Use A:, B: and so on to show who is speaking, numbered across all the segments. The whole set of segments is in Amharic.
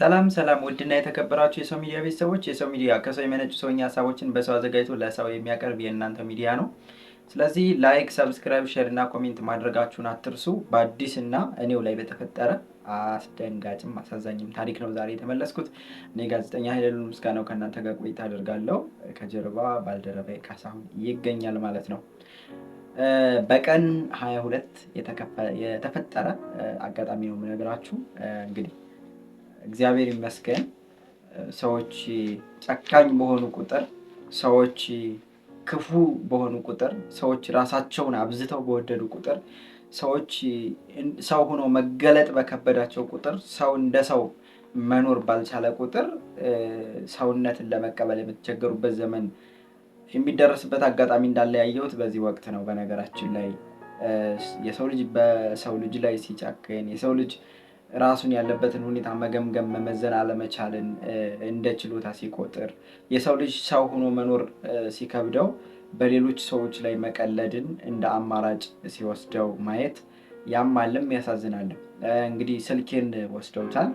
A: ሰላም ሰላም ውድና የተከበራችሁ የሰው ሚዲያ ቤተሰቦች፣ የሰው ሚዲያ ከሰው የመነጩ ሰውኛ ሀሳቦችን በሰው አዘጋጅቶ ለሰው የሚያቀርብ የእናንተ ሚዲያ ነው። ስለዚህ ላይክ፣ ሰብስክራይብ፣ ሼር እና ኮሜንት ማድረጋችሁን አትርሱ። በአዲስ እና እኔው ላይ በተፈጠረ አስደንጋጭም አሳዛኝም ታሪክ ነው ዛሬ የተመለስኩት። እኔ ጋዜጠኛ ኃይለሉ ምስጋናው ከእናንተ ጋር ቆይታ አደርጋለሁ። ከጀርባ ባልደረባ ካሳሁን ይገኛል ማለት ነው። በቀን 22 የተፈጠረ አጋጣሚ ነው የምነግራችሁ እንግዲህ እግዚአብሔር ይመስገን ሰዎች ጨካኝ በሆኑ ቁጥር፣ ሰዎች ክፉ በሆኑ ቁጥር፣ ሰዎች ራሳቸውን አብዝተው በወደዱ ቁጥር፣ ሰዎች ሰው ሆኖ መገለጥ በከበዳቸው ቁጥር፣ ሰው እንደ ሰው መኖር ባልቻለ ቁጥር ሰውነትን ለመቀበል የምትቸገሩበት ዘመን የሚደረስበት አጋጣሚ እንዳለ ያየሁት በዚህ ወቅት ነው። በነገራችን ላይ የሰው ልጅ በሰው ልጅ ላይ ሲጨክን የሰው ልጅ ራሱን ያለበትን ሁኔታ መገምገም መመዘን አለመቻልን እንደ ችሎታ ሲቆጥር የሰው ልጅ ሰው ሆኖ መኖር ሲከብደው በሌሎች ሰዎች ላይ መቀለድን እንደ አማራጭ ሲወስደው ማየት ያማልም ያሳዝናልም። እንግዲህ ስልኬን ወስደውታል።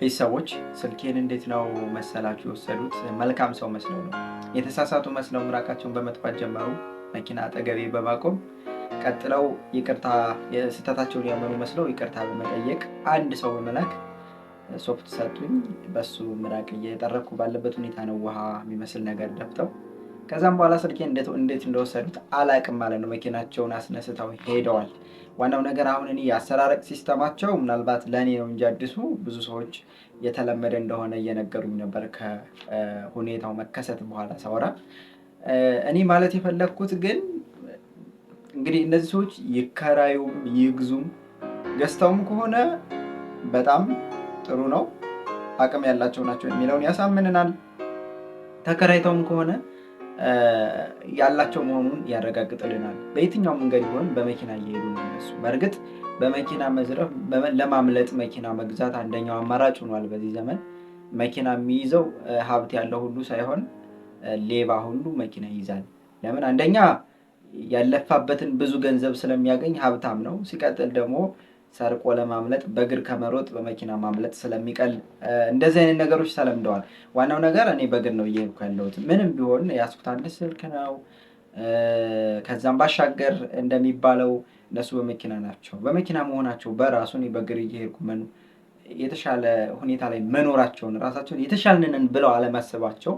A: ቤት ሰዎች ስልኬን እንዴት ነው መሰላችሁ የወሰዱት? መልካም ሰው መስለው ነው። የተሳሳቱ መስለው ምራቃቸውን በመጥፋት ጀመሩ። መኪና አጠገቤ በማቆም ቀጥለው ይቅርታ የስህተታቸውን ያመኑ መስለው ይቅርታ በመጠየቅ አንድ ሰው በመላክ ሶፍት ሰጡኝ። በሱ ምራቅ እየጠረኩ ባለበት ሁኔታ ነው ውሃ የሚመስል ነገር ደፍተው ከዛም በኋላ ስልኬ እንዴት እንደወሰዱት አላቅም ማለት ነው። መኪናቸውን አስነስተው ሄደዋል። ዋናው ነገር አሁን እኔ የአሰራረቅ ሲስተማቸው ምናልባት ለእኔ ነው እንጂ አዲሱ ብዙ ሰዎች የተለመደ እንደሆነ እየነገሩኝ ነበር። ከሁኔታው መከሰት በኋላ ሳወራ እኔ ማለት የፈለግኩት ግን እንግዲህ እነዚህ ሰዎች ይከራዩም ይግዙም ገዝተውም ከሆነ በጣም ጥሩ ነው፣ አቅም ያላቸው ናቸው የሚለውን ያሳምንናል። ተከራይተውም ከሆነ ያላቸው መሆኑን ያረጋግጥልናል። በየትኛው መንገድ ቢሆን በመኪና እየሄዱ ነው እነሱ። በእርግጥ በመኪና መዝረፍ ለማምለጥ መኪና መግዛት አንደኛው አማራጭ ሆኗል። በዚህ ዘመን መኪና የሚይዘው ሀብት ያለው ሁሉ ሳይሆን ሌባ ሁሉ መኪና ይይዛል። ለምን አንደኛ ያለፋበትን ብዙ ገንዘብ ስለሚያገኝ ሀብታም ነው። ሲቀጥል ደግሞ ሰርቆ ለማምለጥ በእግር ከመሮጥ በመኪና ማምለጥ ስለሚቀል እንደዚህ አይነት ነገሮች ተለምደዋል። ዋናው ነገር እኔ በእግር ነው እየሄድኩ ያለሁት። ምንም ቢሆን የያዝኩት አንድ ስልክ ነው። ከዛም ባሻገር እንደሚባለው እነሱ በመኪና ናቸው። በመኪና መሆናቸው በራሱ እኔ በእግር እየሄድኩ የተሻለ ሁኔታ ላይ መኖራቸውን ራሳቸውን የተሻልንን ብለው አለማሰባቸው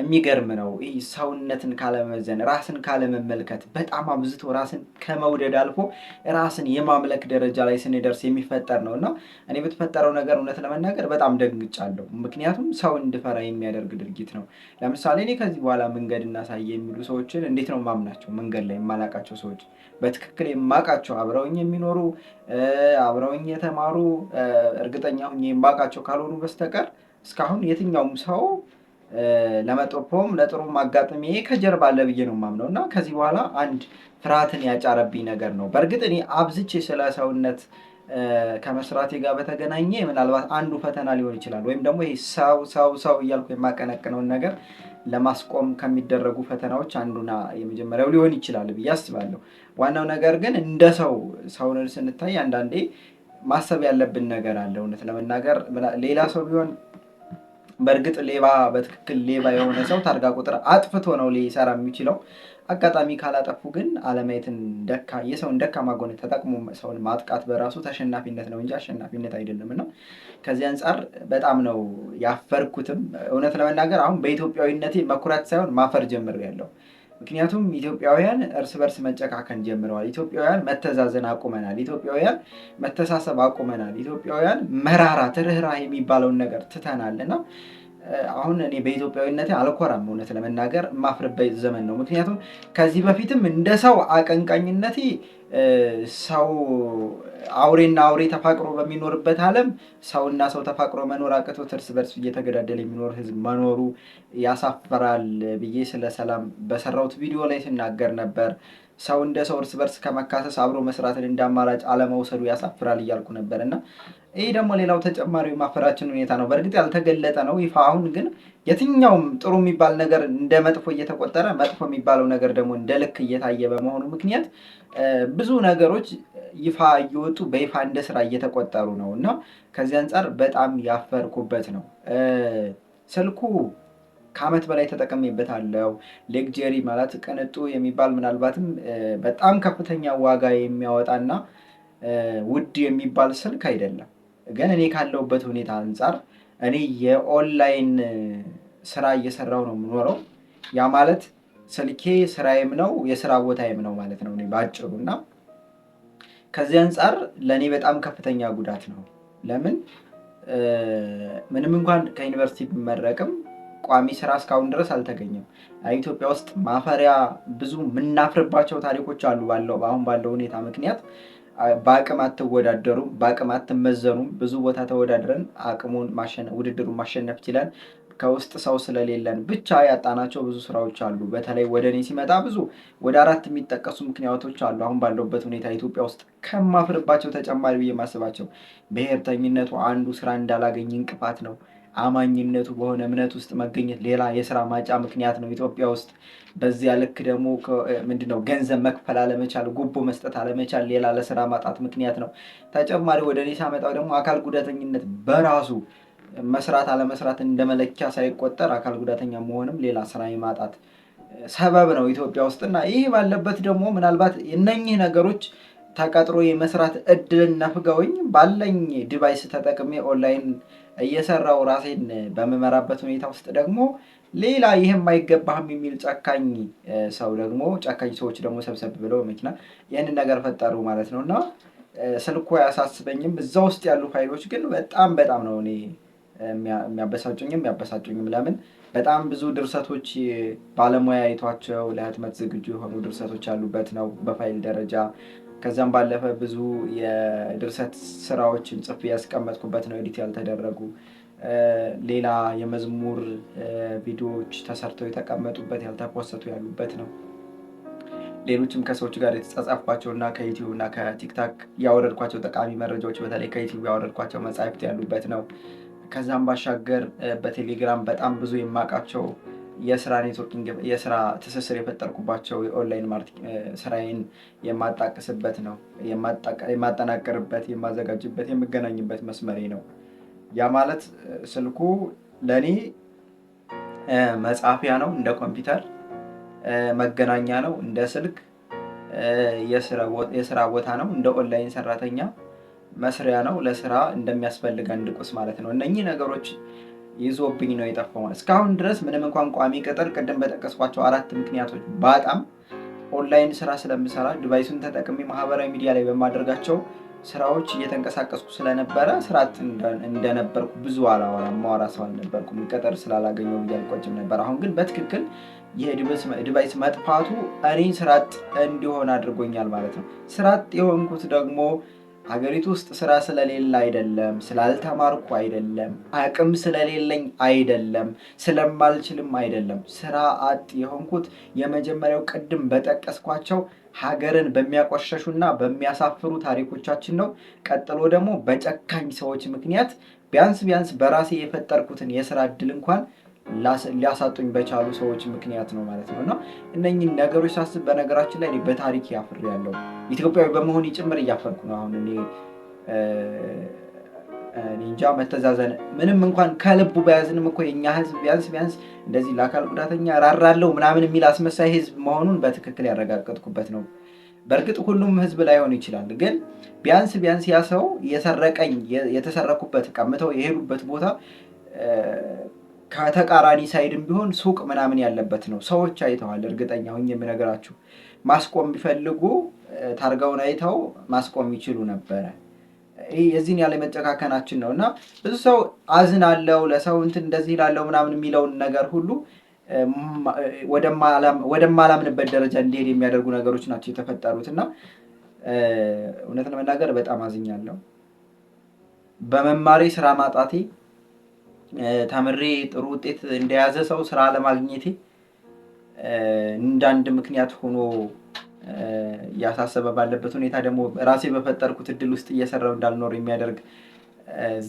A: የሚገርም ነው። ይህ ሰውነትን ካለመዘን ራስን ካለመመልከት በጣም አብዝቶ ራስን ከመውደድ አልፎ ራስን የማምለክ ደረጃ ላይ ስንደርስ የሚፈጠር ነው እና እኔ በተፈጠረው ነገር እውነት ለመናገር በጣም ደንግጫለሁ። ምክንያቱም ሰው እንድፈራ የሚያደርግ ድርጊት ነው። ለምሳሌ እኔ ከዚህ በኋላ መንገድ እናሳየ የሚሉ ሰዎችን እንዴት ነው ማምናቸው? መንገድ ላይ የማላቃቸው ሰዎች በትክክል የማቃቸው አብረውኝ የሚኖሩ አብረውኝ የተማሩ እርግጠኛ ሁኜ ካልሆኑ በስተቀር እስካሁን የትኛውም ሰው ለመጥፎም ለጥሩም አጋጣሚ ይሄ ከጀርባ አለ ብዬ ነው የማምነው እና ከዚህ በኋላ አንድ ፍርሃትን ያጫረብኝ ነገር ነው። በእርግጥ እኔ አብዝቼ ስለ ሰውነት ከመስራቴ ጋር በተገናኘ ምናልባት አንዱ ፈተና ሊሆን ይችላል። ወይም ደግሞ ይሄ ሰው ሰው ሰው እያልኩ የማቀነቅነውን ነገር ለማስቆም ከሚደረጉ ፈተናዎች አንዱና የመጀመሪያው ሊሆን ይችላል ብዬ አስባለሁ። ዋናው ነገር ግን እንደ ሰው ሰውን ስንታይ አንዳንዴ ማሰብ ያለብን ነገር አለ። እውነት ለመናገር ሌላ ሰው ቢሆን በእርግጥ ሌባ በትክክል ሌባ የሆነ ሰው ታርጋ ቁጥር አጥፍቶ ነው ሊሰራ የሚችለው። አጋጣሚ ካላጠፉ ግን አለማየትን ደካ የሰውን ደካ ማጎነ ተጠቅሞ ሰውን ማጥቃት በራሱ ተሸናፊነት ነው እንጂ አሸናፊነት አይደለም። እና ከዚህ አንጻር በጣም ነው ያፈርኩትም እውነት ለመናገር አሁን በኢትዮጵያዊነቴ መኩራት ሳይሆን ማፈር ያለው ምክንያቱም ኢትዮጵያውያን እርስ በርስ መጨካከን ጀምረዋል። ኢትዮጵያውያን መተዛዘን አቁመናል። ኢትዮጵያውያን መተሳሰብ አቁመናል። ኢትዮጵያውያን መራራ ትርህራ የሚባለውን ነገር ትተናል እና አሁን እኔ በኢትዮጵያዊነቴ አልኮራም። እውነት ለመናገር የማፍርበት ዘመን ነው። ምክንያቱም ከዚህ በፊትም እንደ ሰው አቀንቃኝነቴ ሰው አውሬና አውሬ ተፋቅሮ በሚኖርበት ዓለም ሰውና ሰው ተፋቅሮ መኖር አቅቶት እርስ በርስ እየተገዳደለ የሚኖር ሕዝብ መኖሩ ያሳፍራል ብዬ ስለ ሰላም በሰራሁት ቪዲዮ ላይ ስናገር ነበር። ሰው እንደ ሰው እርስ በርስ ከመካሰስ አብሮ መስራትን እንደ አማራጭ አለመውሰዱ ያሳፍራል እያልኩ ነበር እና ይህ ደግሞ ሌላው ተጨማሪ ማፈራችን ሁኔታ ነው። በእርግጥ ያልተገለጠ ነው ይፋ። አሁን ግን የትኛውም ጥሩ የሚባል ነገር እንደ መጥፎ እየተቆጠረ መጥፎ የሚባለው ነገር ደግሞ እንደ ልክ እየታየ በመሆኑ ምክንያት ብዙ ነገሮች ይፋ እየወጡ በይፋ እንደ ስራ እየተቆጠሩ ነው እና ከዚህ አንጻር በጣም ያፈርኩበት ነው። ስልኩ ከዓመት በላይ ተጠቅሜበታለሁ። ሌግጀሪ ማለት ቅንጡ የሚባል ምናልባትም በጣም ከፍተኛ ዋጋ የሚያወጣና ውድ የሚባል ስልክ አይደለም። ግን እኔ ካለውበት ሁኔታ አንጻር እኔ የኦንላይን ስራ እየሰራው ነው የምኖረው። ያ ማለት ስልኬ ስራዬም ነው የስራ ቦታዬም ነው ማለት ነው እኔ በአጭሩ እና ከዚህ አንጻር ለእኔ በጣም ከፍተኛ ጉዳት ነው። ለምን ምንም እንኳን ከዩኒቨርሲቲ ብመረቅም ቋሚ ስራ እስካሁን ድረስ አልተገኘም። ኢትዮጵያ ውስጥ ማፈሪያ ብዙ የምናፍርባቸው ታሪኮች አሉ ባለው አሁን ባለው ሁኔታ ምክንያት በአቅም አትወዳደሩም፣ በአቅም አትመዘኑም። ብዙ ቦታ ተወዳድረን አቅሙን ውድድሩን ማሸነፍ ይችላል። ከውስጥ ሰው ስለሌለን ብቻ ያጣናቸው ብዙ ስራዎች አሉ። በተለይ ወደ እኔ ሲመጣ ብዙ ወደ አራት የሚጠቀሱ ምክንያቶች አሉ። አሁን ባለሁበት ሁኔታ ኢትዮጵያ ውስጥ ከማፍርባቸው ተጨማሪ ብዬ ማስባቸው ብሔርተኝነቱ አንዱ ስራ እንዳላገኝ እንቅፋት ነው። አማኝነቱ በሆነ እምነት ውስጥ መገኘት ሌላ የስራ ማጫ ምክንያት ነው ኢትዮጵያ ውስጥ። በዚያ ልክ ደግሞ ምንድነው ገንዘብ መክፈል አለመቻል፣ ጉቦ መስጠት አለመቻል ሌላ ለስራ ማጣት ምክንያት ነው። ተጨማሪ ወደ እኔ ሳመጣው ደግሞ አካል ጉዳተኝነት በራሱ መስራት አለመስራት እንደ መለኪያ ሳይቆጠር አካል ጉዳተኛ መሆንም ሌላ ስራ የማጣት ሰበብ ነው ኢትዮጵያ ውስጥ እና ይህ ባለበት ደግሞ ምናልባት እነኚህ ነገሮች ተቀጥሮ የመስራት እድል ነፍገውኝ ባለኝ ዲቫይስ ተጠቅሜ ኦንላይን እየሰራው ራሴን በምመራበት ሁኔታ ውስጥ ደግሞ ሌላ ይህም አይገባህም የሚል ጨካኝ ሰው ደግሞ ጨካኝ ሰዎች ደግሞ ሰብሰብ ብለው መኪና ይህንን ነገር ፈጠሩ ማለት ነው እና ስልኩ አያሳስበኝም። እዛ ውስጥ ያሉ ፋይሎች ግን በጣም በጣም ነው እኔ የሚያበሳጩኝም የሚያበሳጩኝም። ለምን በጣም ብዙ ድርሰቶች ባለሙያ አይቷቸው ለህትመት ዝግጁ የሆኑ ድርሰቶች ያሉበት ነው በፋይል ደረጃ ከዛም ባለፈ ብዙ የድርሰት ስራዎችን ጽፍ ያስቀመጥኩበት ነው ኤዲት ያልተደረጉ። ሌላ የመዝሙር ቪዲዮዎች ተሰርተው የተቀመጡበት ያልተፖሰቱ ያሉበት ነው። ሌሎችም ከሰዎች ጋር የተጻጻፍኳቸው እና ከዩቲዩብ እና ከቲክታክ ያወረድኳቸው ጠቃሚ መረጃዎች በተለይ ከዩቲዩብ ያወረድኳቸው መጽሐፍት ያሉበት ነው። ከዛም ባሻገር በቴሌግራም በጣም ብዙ የማውቃቸው የስራ ኔትወርኪንግ የስራ ትስስር የፈጠርኩባቸው የኦንላይን ስራዬን የማጣቅስበት ነው የማጠናቀርበት፣ የማዘጋጅበት፣ የምገናኝበት መስመሬ ነው። ያ ማለት ስልኩ ለእኔ መጻፊያ ነው፣ እንደ ኮምፒውተር መገናኛ ነው፣ እንደ ስልክ የስራ ቦታ ነው፣ እንደ ኦንላይን ሰራተኛ መስሪያ ነው፣ ለስራ እንደሚያስፈልግ አንድ ቁስ ማለት ነው። እነኚህ ነገሮች ይዞብኝ ነው የጠፋው። እስካሁን ድረስ ምንም እንኳን ቋሚ ቅጥር ቅድም በጠቀስኳቸው አራት ምክንያቶች በጣም ኦንላይን ስራ ስለምሰራ ዲቫይሱን ተጠቅሜ ማህበራዊ ሚዲያ ላይ በማደርጋቸው ስራዎች እየተንቀሳቀስኩ ስለነበረ ስርዓት እንደነበርኩ ብዙ አላወራ ማወራ ሰው አልነበርኩም። ቅጥር ስላላገኘው ብዬ አልቆጭም ነበር። አሁን ግን በትክክል የዲቫይስ መጥፋቱ እኔን ስራጥ እንዲሆን አድርጎኛል ማለት ነው። ስራጥ የሆንኩት ደግሞ ሀገሪቱ ውስጥ ስራ ስለሌለ አይደለም፣ ስላልተማርኩ አይደለም፣ አቅም ስለሌለኝ አይደለም፣ ስለማልችልም አይደለም። ስራ አጥ የሆንኩት የመጀመሪያው ቅድም በጠቀስኳቸው ሀገርን በሚያቆሸሹና በሚያሳፍሩ ታሪኮቻችን ነው። ቀጥሎ ደግሞ በጨካኝ ሰዎች ምክንያት ቢያንስ ቢያንስ በራሴ የፈጠርኩትን የስራ እድል እንኳን ሊያሳጡኝ በቻሉ ሰዎች ምክንያት ነው ማለት ነው። እና እነኝን ነገሮች ሳስብ በነገራችን ላይ በታሪክ ያፍር ያለው ኢትዮጵያዊ በመሆን ጭምር እያፈርኩ ነው። አሁን እኔ እንጃ መተዛዘን ምንም እንኳን ከልቡ በያዝንም እኮ የኛ ህዝብ ቢያንስ ቢያንስ እንደዚህ ለአካል ጉዳተኛ ራራለው ምናምን የሚል አስመሳይ ህዝብ መሆኑን በትክክል ያረጋገጥኩበት ነው። በእርግጥ ሁሉም ህዝብ ላይሆን ይችላል፣ ግን ቢያንስ ቢያንስ ያ ሰው የሰረቀኝ የተሰረኩበት ቀምተው የሄዱበት ቦታ ከተቃራኒ ሳይድም ቢሆን ሱቅ ምናምን ያለበት ነው። ሰዎች አይተዋል፣ እርግጠኛ ሁኝ የምነገራችሁ ማስቆም ቢፈልጉ ታርጋውን አይተው ማስቆም ይችሉ ነበረ። ይህ የዚህን ያለ መጨካከናችን ነው እና ብዙ ሰው አዝናለው፣ ለሰው እንትን እንደዚህ ላለው ምናምን የሚለውን ነገር ሁሉ ወደማላምንበት ደረጃ እንዲሄድ የሚያደርጉ ነገሮች ናቸው የተፈጠሩት እና እውነት ለመናገር በጣም አዝኛለሁ በመማሬ ስራ ማጣቴ ተምሬ ጥሩ ውጤት እንደያዘ ሰው ስራ ለማግኘቴ እንዳንድ ምክንያት ሆኖ እያሳሰበ ባለበት ሁኔታ ደግሞ ራሴ በፈጠርኩት እድል ውስጥ እየሰራው እንዳልኖር የሚያደርግ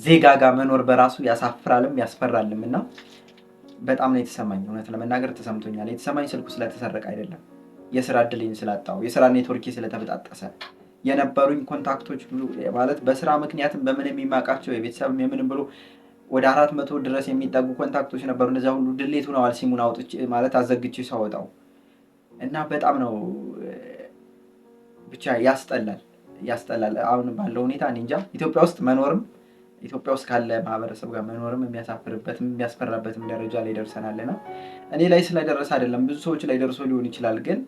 A: ዜጋ ጋር መኖር በራሱ ያሳፍራልም ያስፈራልም እና በጣም ነው የተሰማኝ። እውነት ለመናገር ተሰምቶኛል። የተሰማኝ ስልኩ ስለተሰረቀ አይደለም፣ የስራ እድልኝ ስላጣው፣ የስራ ኔትወርኬ ስለተበጣጠሰ፣ የነበሩኝ ኮንታክቶች ማለት በስራ ምክንያትም በምን የሚማቃቸው የቤተሰብ የምንም ብሎ ወደ አራት መቶ ድረስ የሚጠጉ ኮንታክቶች ነበሩ። እነዚያ ሁሉ ድሌት ሆነዋል። ሲሙን አውጥቼ ማለት አዘግቼ ሳወጣው እና በጣም ነው ብቻ ያስጠላል፣ ያስጠላል። አሁን ባለው ሁኔታ እንጃ ኢትዮጵያ ውስጥ መኖርም ኢትዮጵያ ውስጥ ካለ ማህበረሰብ ጋር መኖርም የሚያሳፍርበትም የሚያስፈራበትም ደረጃ ላይ ደርሰናልና እኔ ላይ ስለደረሰ አይደለም ብዙ ሰዎች ላይ ደርሶ ሊሆን ይችላል። ግን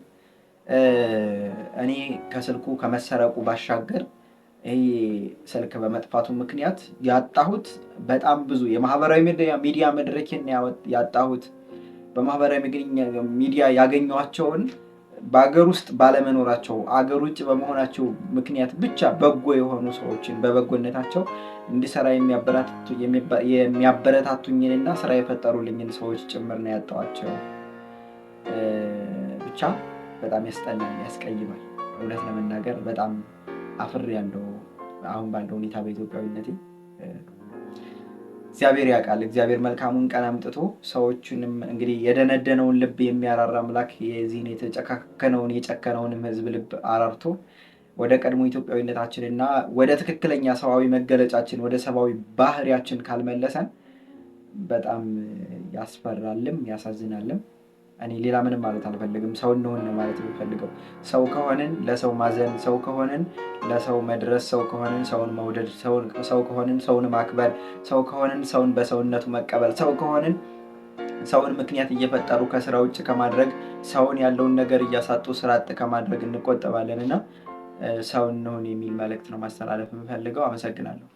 A: እኔ ከስልኩ ከመሰረቁ ባሻገር ይሄ ስልክ በመጥፋቱ ምክንያት ያጣሁት በጣም ብዙ የማህበራዊ ሚዲያ መድረኬን ያጣሁት በማህበራዊ ሚዲያ ያገኘኋቸውን በአገር ውስጥ ባለመኖራቸው አገር ውጭ በመሆናቸው ምክንያት ብቻ በጎ የሆኑ ሰዎችን በበጎነታቸው እንዲሰራ የሚያበረታቱኝንና ስራ የፈጠሩልኝን ሰዎች ጭምር ነው ያጣኋቸው። ብቻ በጣም ያስጠላል፣ ያስቀይማል። እውነት ለመናገር በጣም አፍሬያለሁ። አሁን ባለው ሁኔታ በኢትዮጵያዊነቴ እግዚአብሔር ያውቃል። እግዚአብሔር መልካሙን ቀን አምጥቶ ሰዎችንም እንግዲህ የደነደነውን ልብ የሚያራራ አምላክ የዚህን የተጨካከነውን የጨከነውንም ሕዝብ ልብ አራርቶ ወደ ቀድሞ ኢትዮጵያዊነታችን እና ወደ ትክክለኛ ሰብአዊ መገለጫችን ወደ ሰብአዊ ባህሪያችን ካልመለሰን በጣም ያስፈራልም ያሳዝናልም። እኔ ሌላ ምንም ማለት አልፈልግም። ሰው እንሆን ነው ማለት የሚፈልገው። ሰው ከሆንን ለሰው ማዘን፣ ሰው ከሆንን ለሰው መድረስ፣ ሰው ከሆንን ሰውን መውደድ፣ ሰው ከሆንን ሰውን ማክበር፣ ሰው ከሆንን ሰውን በሰውነቱ መቀበል፣ ሰው ከሆንን ሰውን ምክንያት እየፈጠሩ ከስራ ውጭ ከማድረግ ሰውን ያለውን ነገር እያሳጡ ስራ አጥ ከማድረግ እንቆጠባለን እና ሰው እንሆን የሚል መልእክት ነው ማስተላለፍ የምፈልገው። አመሰግናለሁ።